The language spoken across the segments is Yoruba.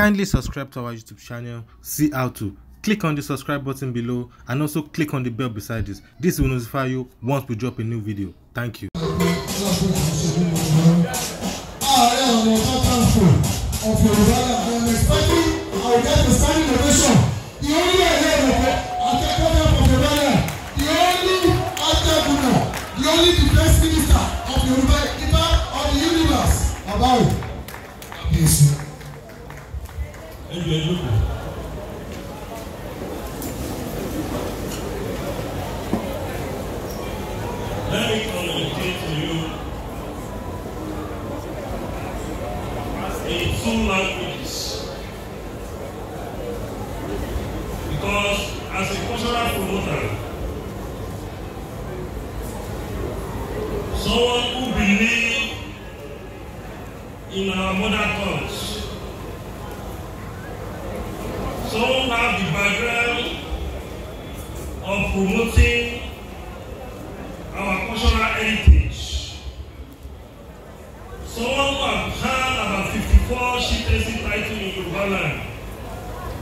Kindly subscribe to our YouTube channel, see how to. Click on the subscribe button below and also click on the bell beside this. This will notify you once we drop a new video. Thank you. Of Yoruba, I am expecting I will get a standing ovation. very to you.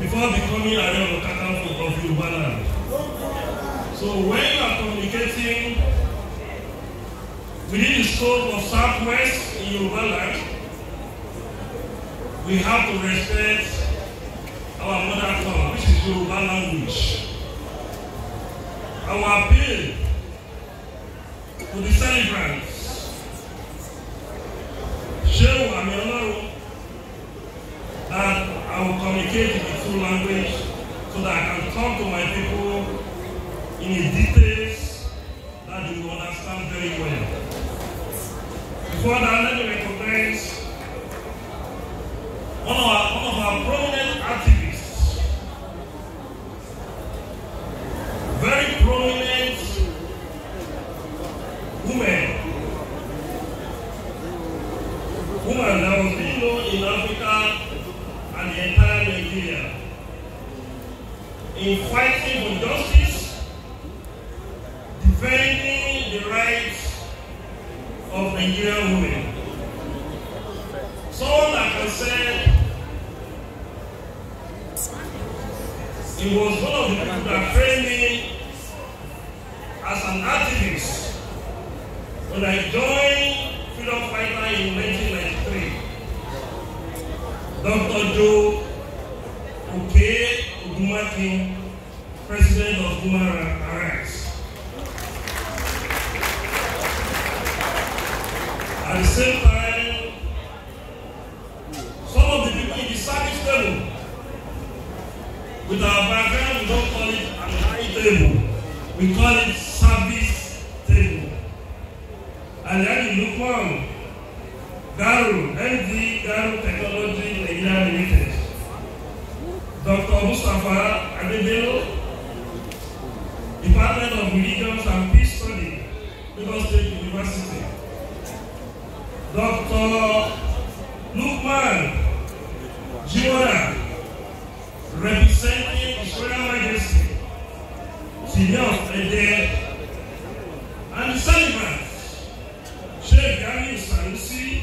before becoming Ààrẹ Ọ̀nà Kakanfò of Yorùbá land. So when you are communicating within the scope of Southwest in Yorùbá land, we have to respect our mother tongue, which is Yorùbá language. Our appeal to the celebrants. Ṣé wàmí Ọlọ́run I will communicate in the full language so that I can talk to my people in the details that you will understand very well. Before that, let me recognize one of our, one of our He was one of the people that trained me as an activist when I joined Freedom Fighter in 1993. Dr. Joe Oke Ogumakin, President of Human Rights. At the same time, With our background, we don't call it an high table. We call it service table. And then you look Lukman Garu, MD Garu Technology Nigeria Limited. Dr. Mustafa Adebelo, Department of Religions and Peace Studies, Lagos State University. Dr. Lukman Jiwara, representing His Royal Majesty, Signor Ede, and the celebrants, Sheikh Gani Sanusi,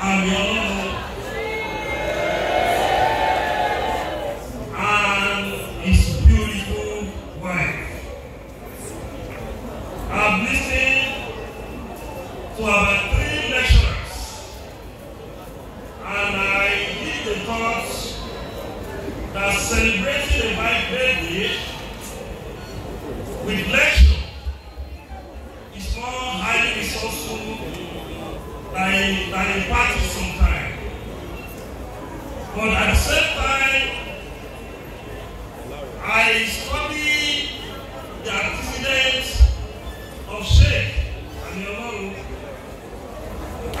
and your Honorable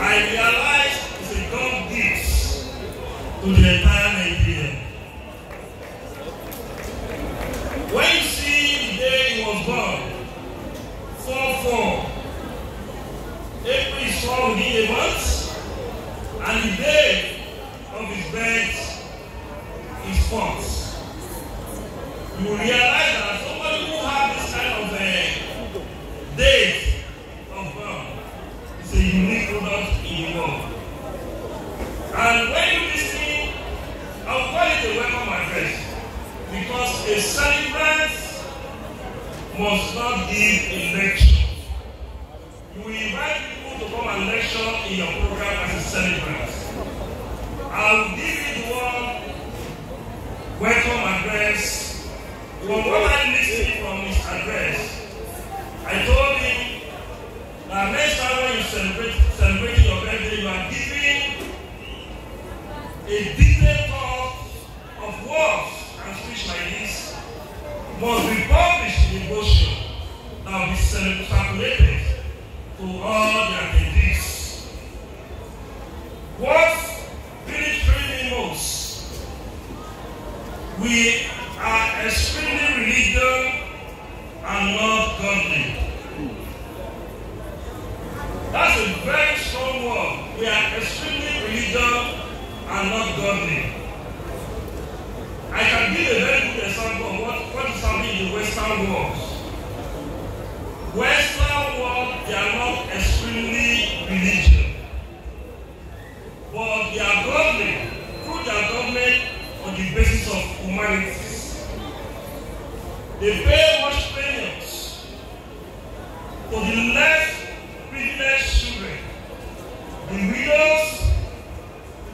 I realized it's a God gift to the entire nation. A celebrant must not give a lecture. You invite people to come and lecture in your program as a celebrant. I'll give it one welcome address. From what I listened from his address, I told him that next time when you celebrate celebrating your birthday, you are giving a detailed talk of words and speech like this. must be published in motion and be circulated to all their They pay much premiums for the less privileged children, the widows,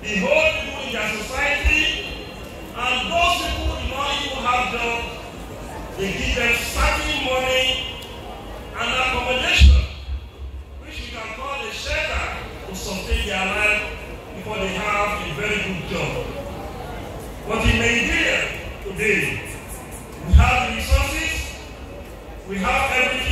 the old people in their society, and those people who do not even have jobs. They give them certain money and accommodation, which we can call a shelter to sustain their life before they have a very good job. But in Nigeria today, we have We have everything.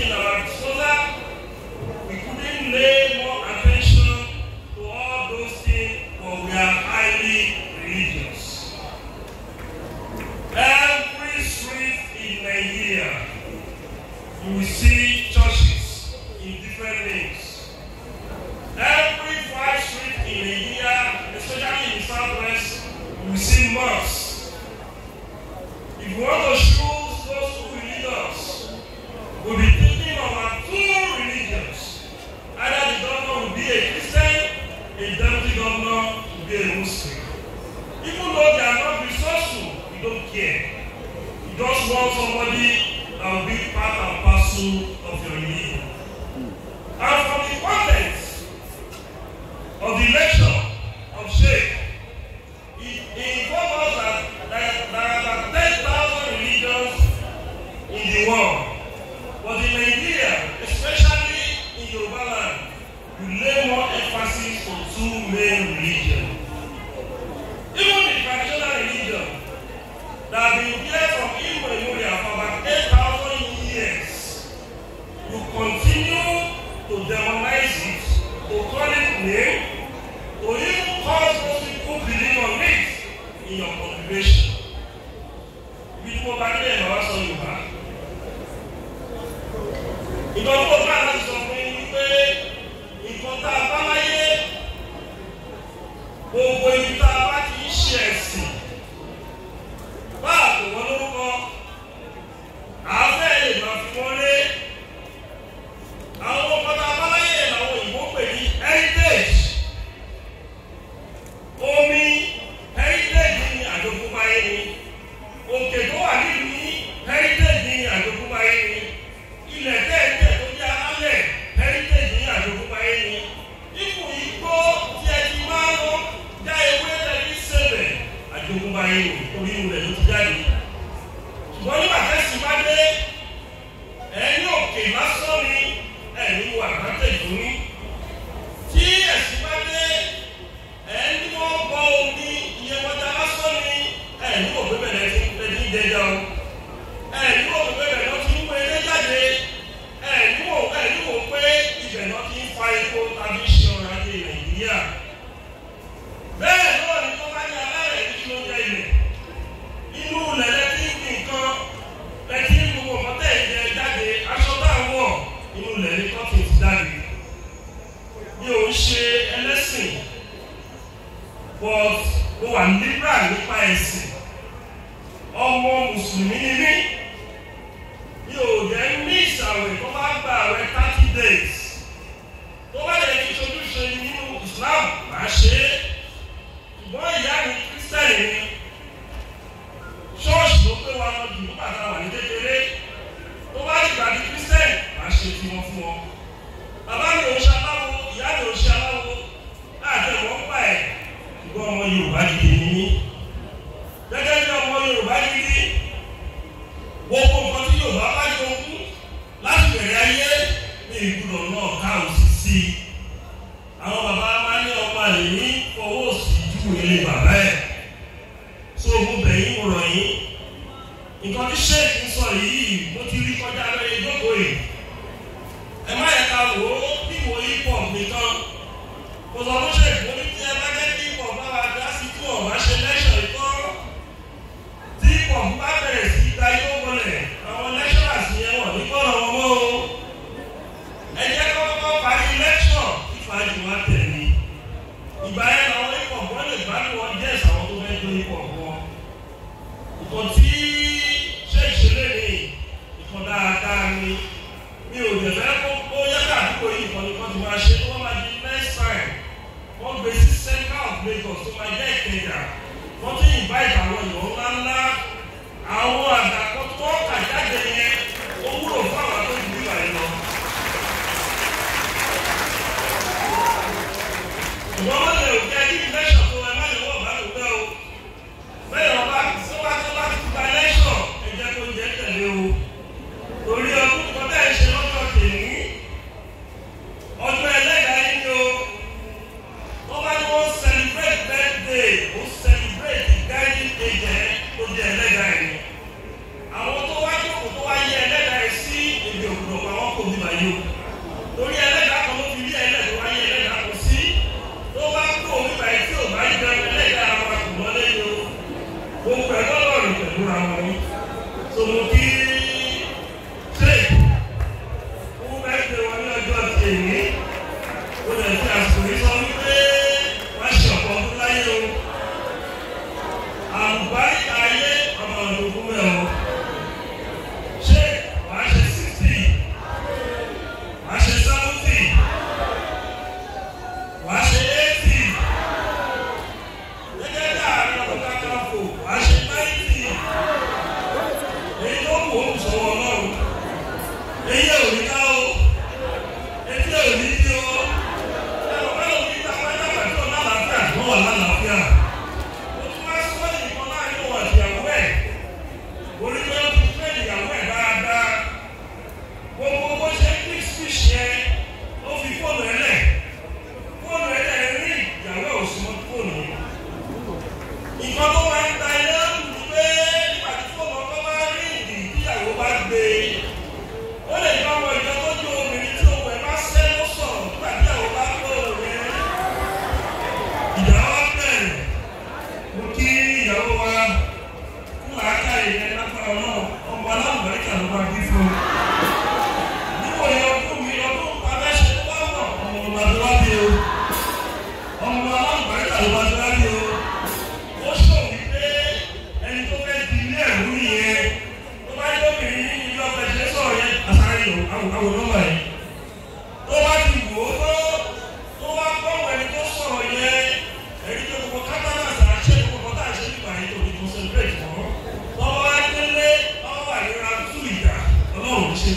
call somebody that will be part and parcel of your religion. And from the context of the lecture, Do will you cause those people believe on this in your congregation? Hallelujah.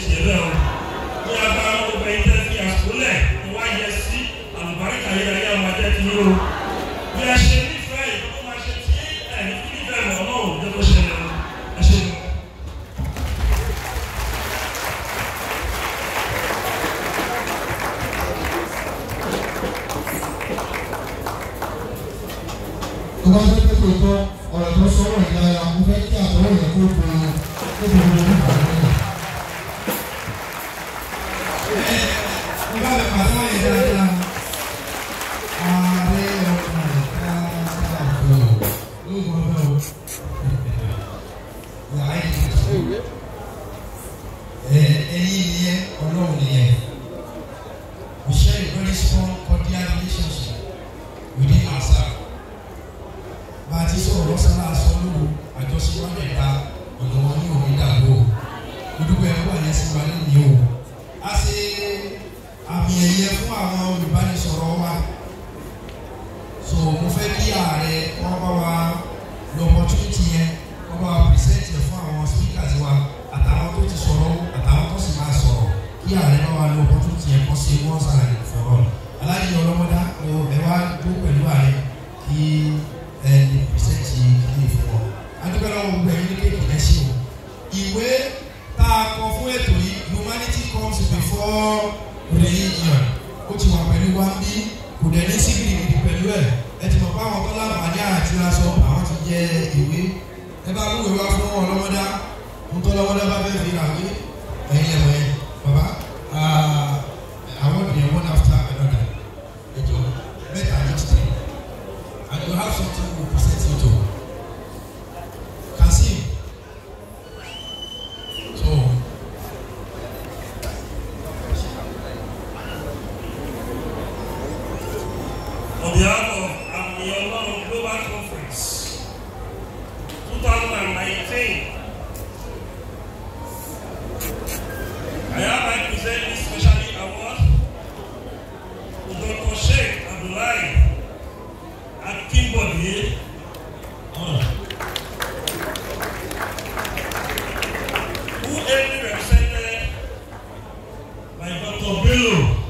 ìṣẹ̀lẹ̀ o bí a bá ń gbẹ iṣẹ́ sí àkólẹ̀ ìwáyẹ sí àlùbáríkà yíyá yá máa jẹ́ ti yó o bí a ṣe kí ààrẹ náà wà lóko tó tiẹ̀ kọ́ sí wọ́n sàlàyé fọ̀rọ̀ aláàjì ọlọ́mọdá ẹ wá dó pẹ̀lú ààrẹ kí ẹ lè pèsèntì ilé ìfowó adúgbò náà wọ gbẹ̀yìn ní kéèkì náà sí o ìwé tá a kọ fún ètò yìí humanity comes before religion ó ti wà pẹ̀lú wa bí kò dẹ̀ ní sígìrì pẹ̀lú ẹ̀ ẹ ti mọ̀ pé àwọn tó láǹfààní àti aṣọ àwọn ti jẹ ìwé ẹ bá mú ìwé wá fún ọlọ́mọdá ń tọ́ lọ́wọ́dá bá fẹ́ fi ràwé. you.